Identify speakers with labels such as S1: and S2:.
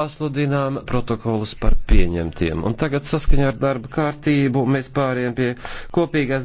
S1: Pasludinām protokolus par pieņemtiem. Un tagad saskaņā ar darba kārtību mēs pāriem pie kopīgās.